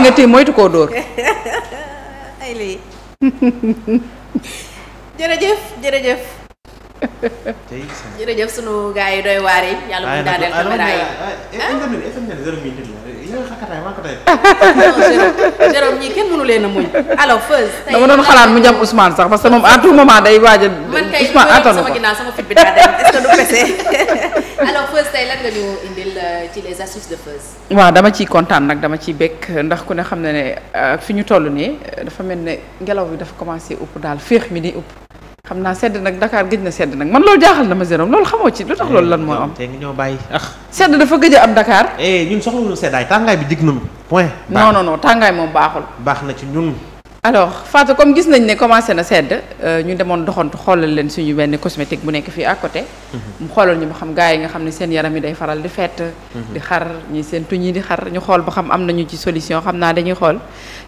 nee nga téye moytu koo dóor. jërëjëf jërëjëf. jërëjëf sunu gars yi doy waar yi yàlla mu daaneel caméra yi. yow xakataay maa ko tey. non Jérôme dama doon xalaat mu jam Ousmane sax parce que moom à tout day waaj a. Ousmane ko man bi daa euh, ci les astuces de dama ciy kontaan nag dama ciy bëgg ndax ku ne xam na ne euh, fi ñu toll nii dafa mel ne ngelaw bi dafa commencé upp daal féex mi di upp. xam naa sedd nag dakaar gëj na sedd nag man loolu jaaxal na ma Jérôme loolu xamoo ci lu tax loolu lan moo am. tey ñoo bàyyi ah. sedd dafa gëj a am Dakar. Eh, ñun soxlawul seddaay tàngaay bi digg nañu point. non non tàngaay moom baaxul. baax na ci ñun. alors Fatou comme gis nañ ne commencé na sedd euh, ñu demoon doxantu xoolal leen suñu benn cosmétique bu nekk fii à côté. Mhm. mu xoolal ñu ba xam gaa yi nga xam ne seen yaram yi day faral di fett. Mhm. di xar ñi seen tuñ yi di xar ñu xool ba xam am na ñu ci solution xam naa dañuy xool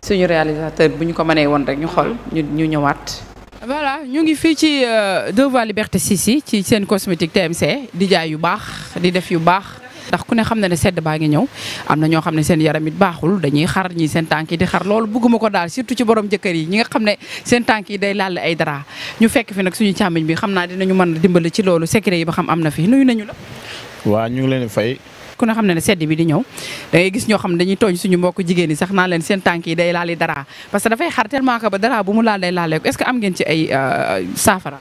suñu réalisateur bu ñu ko mënee woon rek ñu xool ñu ñu ñëwaat voilà ñu ngi fii ci euh, Devoir Liberté 6 yi ci seen cosmétique TMC di jaay yu baax di def yu baax ndax ku ne xam na ne sedd baa ngi ñëw am na ñoo xam ne seen yaram it baaxul dañuy xar ñi seen tànk di xar loolu bëgguma ko daal surtout ci borom jëkkër yi ñi nga xam ne seen tànk yi day laal ay dara ñu fekk fi nag suñu càmmiñ bi xam naa dinañu mën a dimbali ci loolu secret yi ba xam am na fi nuyu nañu la. waa ñu ngi leen fay. ku ne xam ne ne sedd bi di ñëw da gis ñoo xam ne dañuy tooñ suñu mbokk jigéen yi sax naan leen seen tànk yi day laali dara parce que dafay xar tellement que ba dara bu mu laal day laale ko est que am ngeen ci ay euh, saafara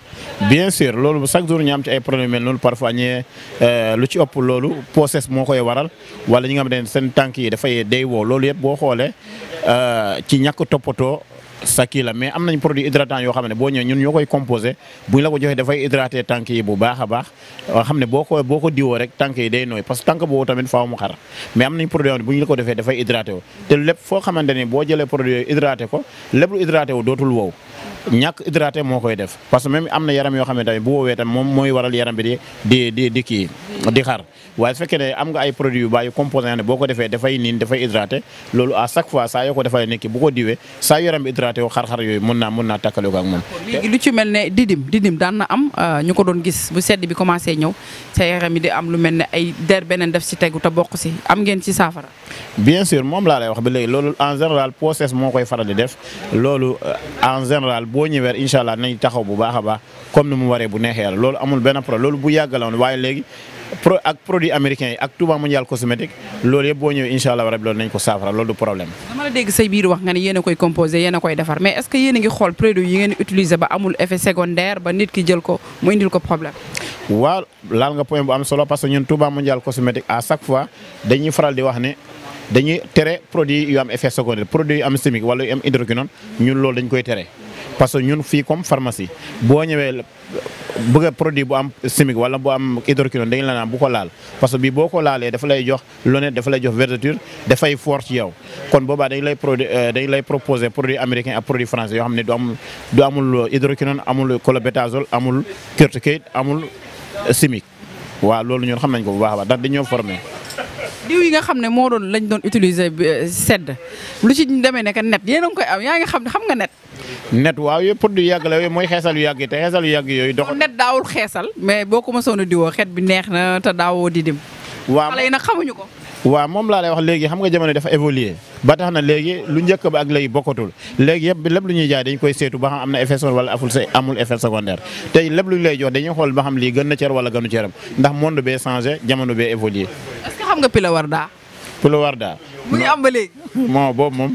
bien sûr loolu chaque jour ñu am ci ay problème mel noonu parfois ñee euh, lu ci ëpp loolu process moo koy waral wala ñu nga xam seen tànk yi dafay day woo loolu yëpp boo xoolee euh, ci ñàkk toppatoo sa kii la mais am nañ produit hydratant yoo xam ne boo ñëwee ñun ñoo koy composé bu ñu la ko joxee dafay hydraté tànk yi bu baax a baax xam ne boo ko boo ko diwoo rek tànk yi day nooy parce que tànk boobu tamit faaw mu xar mais am nañ produit yoo xam ne bu ñu la ko defee dafay hydraté te lépp foo xamante ni boo jëlee produit hydraté ko lépp lu hydraté dootul wow ñàkk hydraté moo koy def parce que même am na yaram yoo xam ne tamit bu woowee mooy waral yaram bi di di xar waaye su ne am nga ay produits yu baax yu composé ne boo ko defee dafay niin dafay hydraté loolu à chaque fois saa ko defalee nekk bu diwee saa yaram bi hydraté yoo yooyu moom. na am euh, ñu ko si saafara. bien sûr moom laa lay wax ba léegi loolu en général process moo koy faral def loolu euh, en général boo ñëwee incha allah nañ taxaw bu baax a baax comme ni mu waree bu neexee yàlla loolu amul benn problème loolu bu yàgg la woon waaye léegi pro ak produit américain yi ak Touba Mondial Cosmétique loolu yëpp boo ñëwee incha allah loolu nañ ko loolu du problème. dama composé yéen koy defar mais est-ce que yéen a ngi xool produit yi ngeen ki jël ko mu indil ko problème. waaw laal am solo parce que ñun Touba Mondial Cosmétique à chaque fois dañuy faral di wax ne. dañuy tere produit yu am effet secondaire produit yu am chimique wala yu loolu dañ koy tere parce que ñun fii comme pharmacie boo ñëwee bëgg a produit bu am chimique wala bu am hydroquinone dañ la naan bu ko laal parce que bii boo ko laalee dafa lay jox lunette dafa lay jox vergeture dafay fort ci yow kon boobaa dañ lay produit euh, dañ lay proposer produit américain ak produit français yoo xam ne du amul du amul hydroquinone amul clobétasol amul curtiquine amul chimique waaw loolu ñun xam nañ ko bu baax a baax ndax dañoo formé. diw yi nga xam ne moo doon lañ doon utiliser euh, sedd lu ci demee ne a ne net waaw yooyu produit yàgg la yooyu mooy xeesal yu yàgg yi te xeesal yu yàgg yooyu. dox net daawul xeesal mais boo ko mosoon a diwoo xet bi neex na te daawoo di xale yi nag xamuñu ko. waaw moom laa lay wax léegi xam nga jamono dafa évoluer ba tax na léegi lu njëkk ba ak léegi bokkatul léegi yëpp lépp lu ñuy jaay dañ koy seetu ba xam am na effet secondaire wala aful say amul effet secondaire tey lépp lu ñu lay jox dañuy xool ba xam lii gën na cer wala gënu ceram ndax monde bee changé jamono bee évoluer. est-ce Boulevard. mu ngi am ba léegi. non boobu moom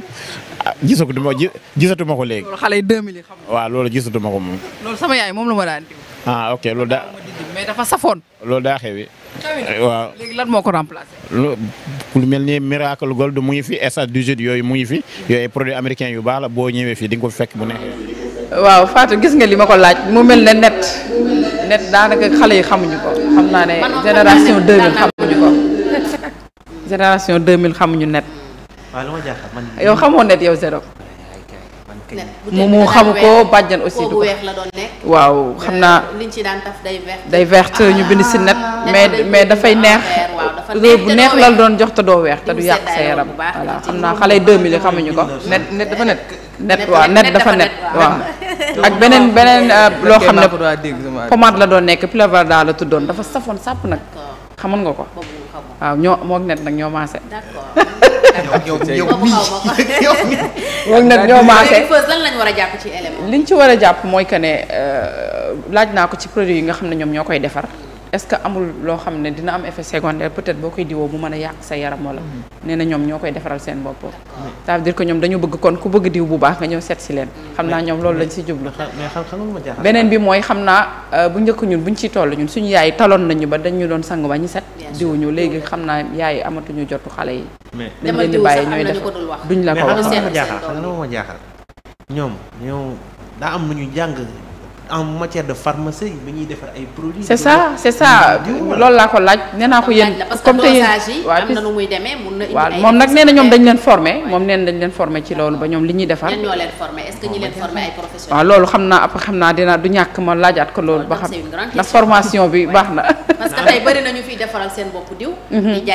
ah gisatu ma gisatu ma ko léegi. loolu yi 2000 yi xam nga. waaw loolu gisatu ma ko moom. loolu sama yaay moom la ma daan diw. ah ok loolu daa. mais dafa safoon. loolu daa xewi. waaw lan moo ko remplacé. lu mel ni Miracle Gold mu ngi fi stade du jeu yooyu mu fi yooyu produit américain yu baax la boo ñëwee fii di nga ko fekk bu neexee. waaw Fatou gis nga li ma ko laaj mu mel ne net net daanaka xale yi xamuñu ko xam naa ne génération 2000 xam génération 2000 xamuñu net. waaw lu ma jaaxal man. yow xamoo net yow zéro. net mu mu xamu ko bàjjan aussi. du ko waaw xam naa. Euh, liñ ci daan taf day vert. day ah, ñu bind si net. mais mais dafay neex. réew bu neex la doon jox te doo weex te du yàq sa yaram. voilà xam naa xale 2000 yi xamuñu ko. net dafa net. net waaw net dafa net waaw. ak beneen beneen euh, loo xam ne pomade la doon nekk Pull-Varda la tuddoon dafa safoon sàpp nag. xamoon nga ko. waaw ñoo moog net nag ñoo maase. d'accord yow yow yow moog net ñoo maase. lan lañ war a jàpp ci élément. liñ ci war a jàpp mooy que ne euh, laaj naa ko ci produit yi nga xam ne ñoom ñoo koy defar. est-ce que amul loo xam ne dina am effet secondaire peut-être boo koy diwoo mu mën a yàq sa yaram wala nee na ñoom ñoo koy defaral seen bopp ça veut ñoom dañu bëgg kon ku bëgg diw bu baax nga ñëw seet si leen xam naa ñoom lool lañ si jublu beneen bi mooy xam naa euh, bu njëkk ñun buñ ci toll ñun suñu yaay taloon nañu ba dañu doon sangu ba ñu set diwuñu léegi xam naa yaay amatuñu jotu xale yi dañ leen di bàyyi ñooy def duñ la ko wax jaaxal xam nga ma jaaxal ñoom ñoo daa am lu ñu jàng en matière de pharmacie bi ñuy defar ay produits. c'est ça c'est ça loolu laa ko laaj nee naa ko yéen. comme te yéen waaw moom nag nee ñoom dañ leen formé moom nee dañ leen formé ci loolu ba ñoom li ñuy defar. ñan ñoo waaw loolu xam naa après xam naa dinaa du ñàkk ma laajaat ko loolu. ba xam ndax formation bi baax na. ndax tey bëri nañu fiy defaral seen bopp diw mhm.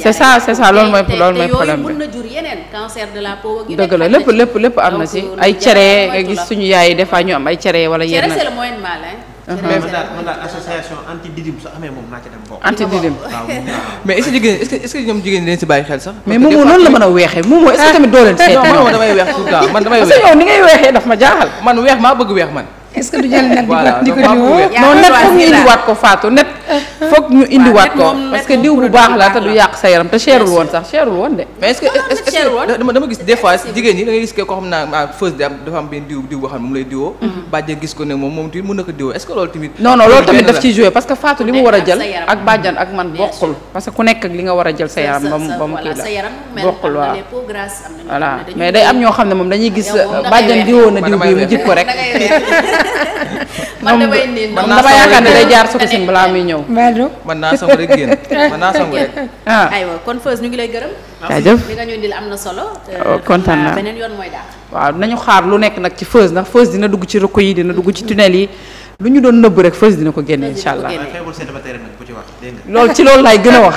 c'est ça c'est ça loolu mooy loolu mooy problème bi dëgg la lépp lépp am na ci euh, ay cere nga gis suñu yaay des ñu am ay cere wala yenn uh-huh. moom anti didim mais est-ce que est-ce ñoom jigéen ñi si bàyyi xel sax. mais moom moo la mën a weexee moom moo est-ce eh, tamit doo leen eh, seet. damay weex tout le man damay weex maa bëgg weex man. est que net. ko di ko jiwoo. ko faatu net foog ñu indiwaat ko parce que diw bu baax la te du yàq sa yaram te cherul woon sax cherul woon de. mais est-ce dama gis des fois jigéen ñi da ngay gis ko xam naa ah fës dafa am benn diw diw xam ne moom lay diwoo. Mm-hmm. bàjjan gis ko ne moom moom tamit mën na ko diwoo est-ce loolu tamit. non non loolu tamit daf li mu war a jël ak bàjjan ak man bokkul parce que ku nekk ak li nga war a jël sa yaram ba mu ba mu kii la bokkul waaw voilà mais day am ñoo xam ne moom dañuy gis bàjjan diwoo na diw bi mu jik ko rek man damay niin man dama yaakaar ne day jaar su ko sin balaa muy ñëw. man naa sangu rek naa sangu rek. Ah. kon Feuz ñu ngi lay gërëm. jaajëf li nga am na solo. Oh, kontaan naa ah, yoon mooy daal. waaw nañu xaar lu nekk nag ci Feuz ndax Feuz dina dugg ci rëkk yi dina dugg ci tunnel yi. lu ñu doon nëbb rek Feuz dina ko génne incha allah loolu ci loolu laay gën a wax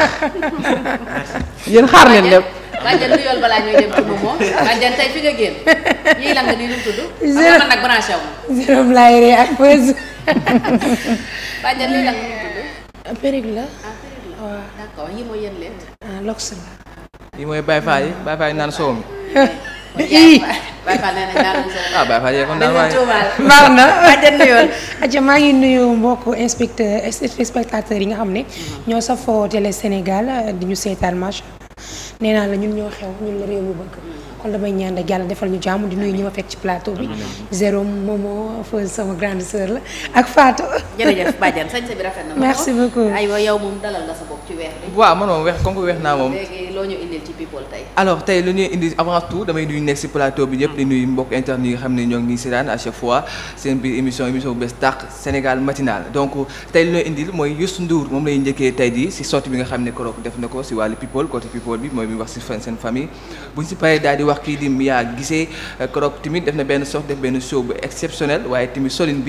yéen xaar ne lépp. bàjjen du yool balaa ñuy dem ci moom bàjjen tey fi nga génn ñiy lang nii lu mu zéro man nag branché wu. zéro laay ree ak pause. bàjjen liy la. ah mooy yéen leen. ah lox la. yii mooy Baye Fall yi soow mi. ii na daanaka soow. yool. aja ngi nuyu mbokku inspecteur spectateur yi nga xam ne. Mm-hmm. ñoo safoo télé Sénégal di ñu seetaan nee naa la ñun ñoo xew ñun la réew mi bëgg kon damay ñaan rek yàlla defal ñu jàmm di nuyu ñi ma fekk ci plateau bi Jérôme Momo Feuz sama grande la ak faato jërëjëf Badiane sañ sa bi rafet na. merci beaucoup aywa yow moom dalal la sa bopp ci weex bi. waaw man moom weex comme que weex naa moom. loo ñu indil ci people tey. alors tey lu ñuy indi avant tout damay nuyu nekk si plateau bi yëpp di nuyu mbokk internet yi nga xam ne ñoo ngi ñuy à chaque fois seen biir émission bu bees tàq Sénégal matinal donc tey lu ñuy indil mooy Youssou Ndour moom lay njëkkee tey jii si sortie bi nga xam ne Korok def na ko si wàllu people côté people bi mooy bi wax si seen famille bu ñu si paree daal di wax kii di Mia Guissé euh, Korok tamit def na benn sortie def benn show bu exceptionnel waaye tamit solin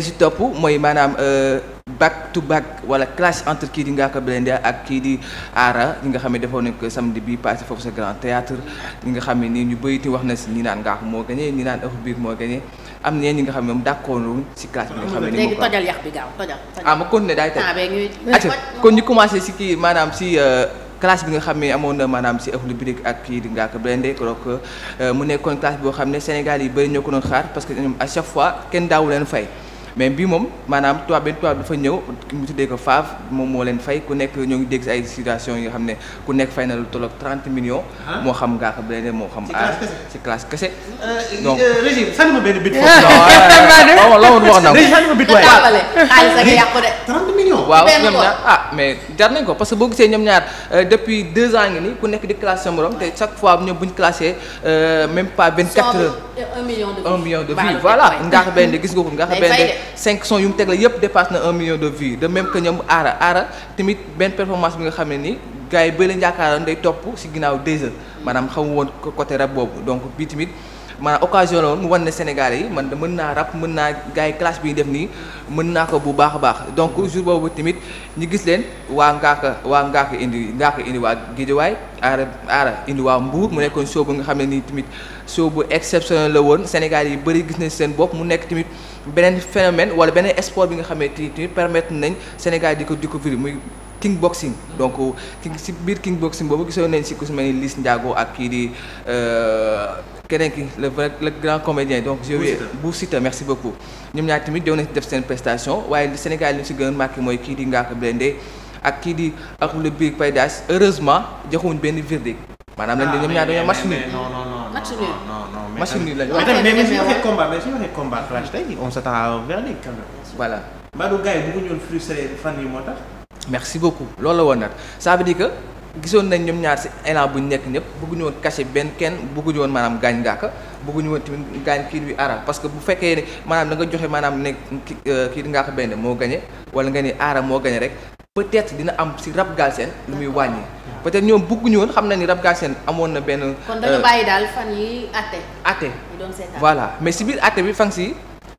si topp mooy maanaam euh, back to back wala clash entre kii di Ngaaka Blindé ak kii di Aara ñi nga xam ne defoon nañ ko samedi bi passé foofu sa grand théâtre ñi nga xam ne nii ñu bëyti wax na si ñi naan Ngaaka moo gagné ñi naan ëpp biir moo gagné am ñeen ñi nga xam ne si clash bi nga xam ne kon ñu commencé si kii maanaam si classe bi nga xam ne amoon na maanaam si Akhlou Brick ak kii di Ngaaka Blindé donc mu nekkoon classe boo xam ne Sénégal yi bëri ñoo ko xaar parce que ñoom à chaque fois kenn daawu leen fay mais bii moom maanaam tubaab benn tubaab dafa ñëw mu tuddee ko faaf moom moo leen fay ku nekk ñoo ngi dégg si ay situation yi xam ne ku nekk fay na lu tolloog 30 millions. Ah. moo xam nga xam leneen moo xam. ci classe kese euh, donc euh, Régis sànni ma benn bit wax na ko yàqu de. 30 waaw ñoom ah, mais jar nañ ko parce que boo gisee ñoom ñaar euh, depuis deux ans ngi nii ku nekk di classé sa morom te chaque fois ñoom bu ñu classé même pas 24 heures. 1 million de vues 1 million de vues voilà. ngaa xam benn gis nga ko ngaa xam benn cinq sons yu mu teg la yëpp dépasse na un million de vues de même que ñoom aara aara tamit benn performance bi nga xam ne ni gars yi bëri la yaakaaroon day topp si ginnaaw deux heures maanaam xamu woon côté rap boobu donc bii tamit maanaam occasion la woon mu wan ne Sénégalais yi man mën naa rab mën naa gars yi classe bi def nii mën naa ko bu baax a baax donc jour boobu tamit ñu gis leen waa Ngaaka waa Ngaaka indi Ngaaka indi waa Guédiawaye aara aara indi waa mbuur mu nekkoon show bu nga xam ne nii tamit show bu exceptionnel la woon Sénégal yi bari gis nañ seen bopp mu nekk tamit beneen phénomène wala beneen sport bi nga xam ne tamit permettre nañ Sénégal di ko découvrir muy ki boxing donc king si biir king boxing boobu gisoon nañ si ku si mel ni Liss Ndiago ak kii di. Euh, keneen ki le vrai le grand comédien donc je vais Bou Siteu merci beaucoup ñoom ñaar tamit doon na def seen prestation waaye Sénégal li si gën a mooy kii di Ngaaka Blindé ak kii di ak le biir Paydas heureusement joxuwuñ benn verdict maanaam lañ ñoom ñaar dañoo match nul non non non match nul match nul lañ mais suñu waxee combat mais suñu waxee combat clash tey on s'attend à un verdict quand même voilà mbaa la woon nag gisoon nañ ñoom ñaar si élan bu ñu nekk ñëpp bëgguñu kase benn kenn bëgguñu woon maanaam gaañ ngaaka bëgguñu woon tamit gaañ kii bi aara parce que bu fekkee ne maanaam da joxe maanaam ne euh, kii di ngaaka benn moo gañe wala nga ni aara moo gañe rek peut-être dina am si rab galsen lu muy wàññi. peut-être ñoom bëgguñu woon xam na ni rab galsen amoon na benn. kon euh, dañu bàyyi daal fan yi àtte. voilà mais si biir àtte bi fan si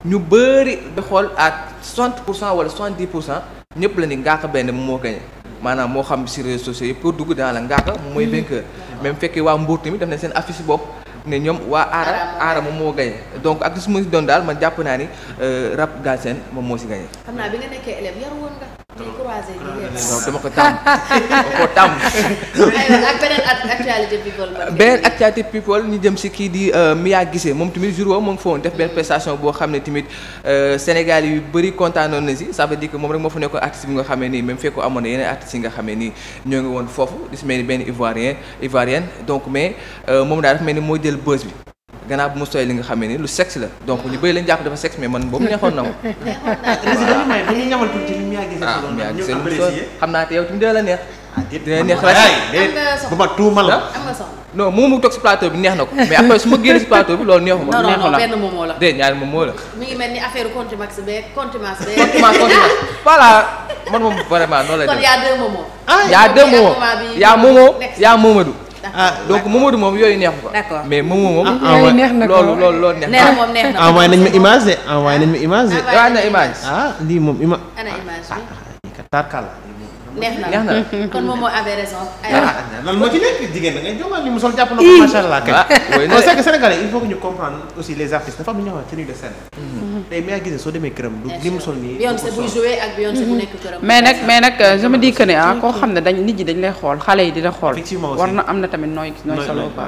ñu bëri da xool à 60 pour cent wala 70 pour cent ñëpp la ni ngaaka benn moo gañe maanaam moo xam si réseaux sociaux yi pour dugg daal la ngaaka mooy hmm. vainqueur même fekkee waa Mbour tamit def na seen affiche bopp ne ñoom waa aara aara moom moo gañe donc ak su ma si doon daal man jàpp naa ni euh, rap Galsen moom moo si gañe non dama ko tàmm dama ko tàmm. ak beneen actualité people. beneen ñu jëm si kii di euh, Mia Guissé moom tamit jour woowu mu ngi foon def benn prestation boo xam ne tamit euh, Sénégal yu bëri kontaanoon na si ça veut dire que moom rek moo fa nekkoon artiste bi nga xamee nii même fekkoon amoon na yeneen artistes yi nga xamee nii ñoo ngi woon foofu di si mel ni benn Ivoirien Ivoirienne donc mais euh, moom daal dafa mel ni moo jël buzz bi. gannaaw bu mu sooy li nga xamee ni lu sexe la donc ñu bëri lañ jàpp dafa sexe mais man boobu neexoon na ma. la neex. dina neex rek bu moom mu toog si plateau bi neex na ko mais après su ma génn si plateau bi loolu neexuma. neexu la non non la. déedéet ñaari moom moo la. mi ngi mel ni affaire contumace beeg contumace beeg. contumace contumace man moom vraiment noonu la. kon y' a deux momos. ah y' a a a ah donc Momadou moom yooyu neexu ko. d'accord mais moom moom. Ah, yooyu neex na ko loolu loolu loolu neex na moom neex na ko envoyé nañ ma image de envoyé nañ ma image de. Ah, envoyé na image ah lii moom ima. ana image bi ah tarkala. neex na la kon moom moo avait raison. Ah, lan moo ci nekk jigéen da ngay jox li mu sol jàpp na ko macha allah. waaw waaye nag c'est que Sénégalais il faut que ñu comprendre aussi les artistes dafa am lu ñuy wax tenue de scène. Hmm. tey Mia Guissé soo demee këram. du li mu sol nii. Mm-hmm. mais nag mais nag euh, je me dis que ne ah, koo xam ne dañ nit ñi dañ lay xool xale yi di la xool. war na am na tamit nooy nooy solo quoi.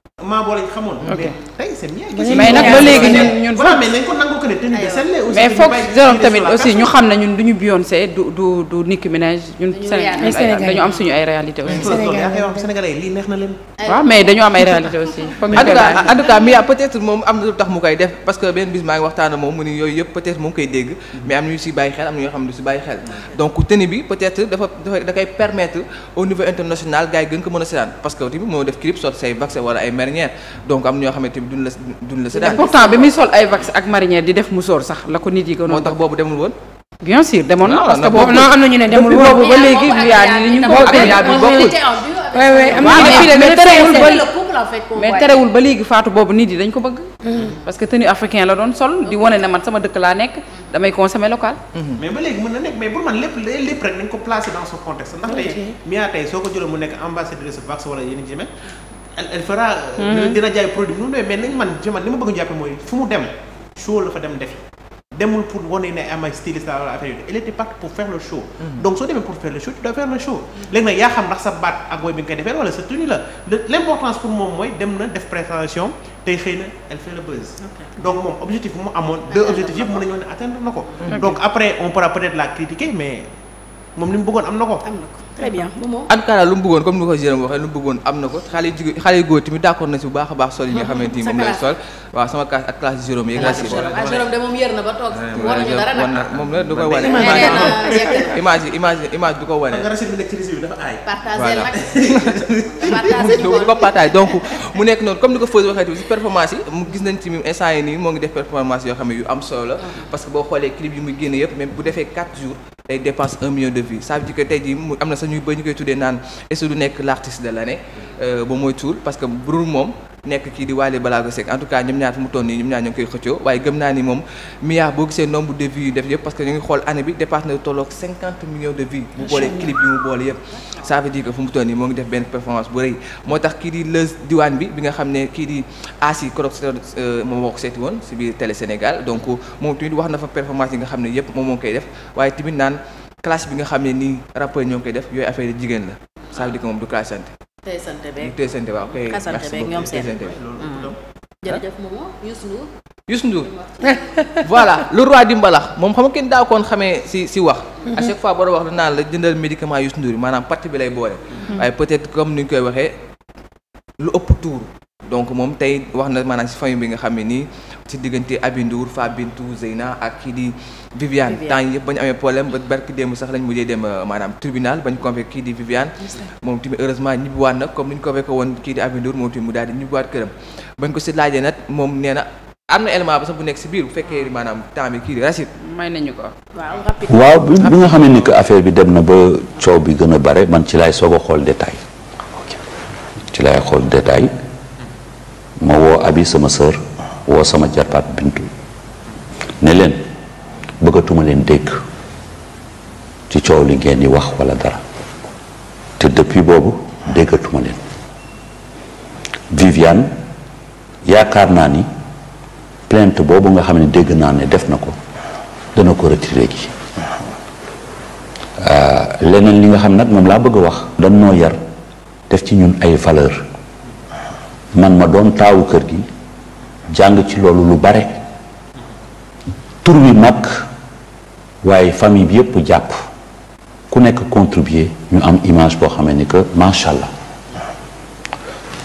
maaboo nag ba léegi ñun ñun. voilà mais nañ ko dañu am suñu ay réalité aussi. Sénégalais lii neex na leen. moom am na lu tax mu koy def parce que benn bis maa ngi waxtaan moom mu ni yooyu yëpp peut mu ngi koy dégg. mais am na si bàyyi xel am na ñoo si bàyyi xel. donc tenue bi peut dafa dafa da koy au niveau international gars gën ko mën a seetaan parce que moo def clip say vaccin wala ay mer marinière donc am ñoo xamante ni duñ la duñ la séddaat. pourtant bi muy sol ay vax ak marinière di def musoor sax la ko nit yi. moo tax boobu demul woon. bien sûr demoon na ah, parce que boobu non ne demul dañ ko bëgg. parce que tenue africain la doon sol di wane ne man sama dëkk laa nekk damay consommer local. Mhm. mais ba léegi mën na nekk mais pour man lépp lépp rek nañ ko placer dans ce contexte. ndax tey Mia tey soo ko jëloon mu nekk ambassadrice vax wala yeneen ci elle mhm. euh, a dina jaay produit bi mais nañ man ci man li ma bëgg jàppe mooy fu mu dem show la fa dem defi demul pour wane ne am ay styliste wala affaire yooyu elle était partie pour faire le show. Mhm. donc soo demee pour faire le show tu yaa xam ndax sa baat ak woy bi nga koy defee wala sa tenue la l' importance pour moom mooy dem na def présentation tey xëy na elle fait le buzz. donc moom objectif bu mu amoon. deux objectifs yëpp mën nañoo ne atteindre na ko. donc après très bien lu mu bëggoon comme ni ko Jérôme waxee lu mu bëggoon am na ko xale yu jigéen xale yu góor tamit d'accord na si bu baax a baax sol yi mu nekk noonu comme ni ko Fodé waxee tamit si performance yi mu gis nañ tamit instant moo ngi def performance yoo xam yu am solo la mm-hmm. parce que boo xoolee clip yi muy génne yëpp même bu defee 4 jours day dépasse 1 million de vues ça dire que tey jii mu am na sax ñu ba ñu koy tuddee naan est-ce du nekk l'artiste de l'année euh, ba mooy tuur parce que burul moom nekk kii di Wally Ballago Seck en tout cas ñoom ñaar fu mu toll nii ñoom ñaar ñoo koy xëccoo waaye gëm naa ni moom Mia boo gisee nombre de yu def yëpp parce que ñu ngi xool année bi dépasse na tolloog 50 millions bu boolee clip yi mu boole yëpp ça veut dire fu mu toll nii moo ngi def benn performance bu rëy moo tax kii di lëz diwaan bi bi nga xam euh, na fa ne yëpp moom moo ngi koy classe bi nga xam ne nii rappeurs ñoo ngi koy def yooyu affaire yi jigéen la ça veut dire moom du classante. tey sant beeg tey sant waaw kay. ñoom seen mm. Mm. jërëjëf Momo Youssou di mbalax moom xam nga kenn daa koon xamee si si wax. a mm-hmm. chaque fois boo doon wax da naan la jëndal médicament Youssou Ndour yi maanaam parti bi lay boole. Mm-hmm. waaye peut comme ni ñu koy waxee lu ëpp tuuru. donc moom tey wax na maanaam si famille bi nga xam ne nii si diggante Abindour Fabintou Zeyna ak kii di Viviane temps yëpp ba ñu amee problème ba barki démb sax lañ mujjee dem euh, maanaam tribunal bañ convoqué kii di Viviane moom tamit heureusement ñibbiwaat na comme ni ñu convoqué woon kii di Abindour moom tamit mu daal di ñibbiwaat këram bañ ko si laajee nag moom nee na am na élément ba sax bu nekk si biir bu fekkee maanaam temps bi kii di Rachid may nañu ko waaw bi nga xamee ni que affaire bi dem na ba coow bi gën a bare man ci laay soog a xool détay ci laay xool détail ma woo abi sama sœur woo sama jarbaat bintu ne leen bëggatuma leen dégg ci coow li ngeen di wax walla dara te depuis boobu déggatuma leen Viviane yaakaar naa ni plainte boobu nga xam ne dégg naa ne def na ko dana ko retiré gi euh, leneen li nga xam nag moom laa bëgg a wax dañ noo yar def ci ñun ay valeur man ma doom taawu kër gi jàng ci loolu lu bare tur bi mag waaye famille bi yëpp jàpp ku nekk contribuer ñu am image boo xamee ni que macha allah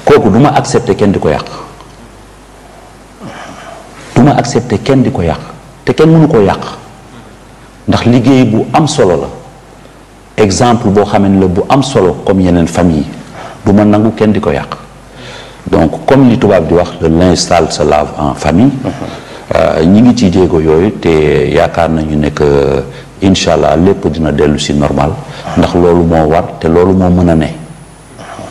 kooku duma ma accepter kenn di ko yàq du ma accepter kenn di ko yàq te kenn mënu ko yàq ndax liggéey bu am solo la exemple boo xamee ni la bu am solo comme yeneen famille du ma nangu kenn di ko yàq. donc comme li tubaab di wax le linge sale se lave en famille euh, ñi ngi ci jéego yooyu te yaakaar nañu ne que euh, incha allah lépp dina dellu si normal ndax loolu moo war te loolu moo mën a ne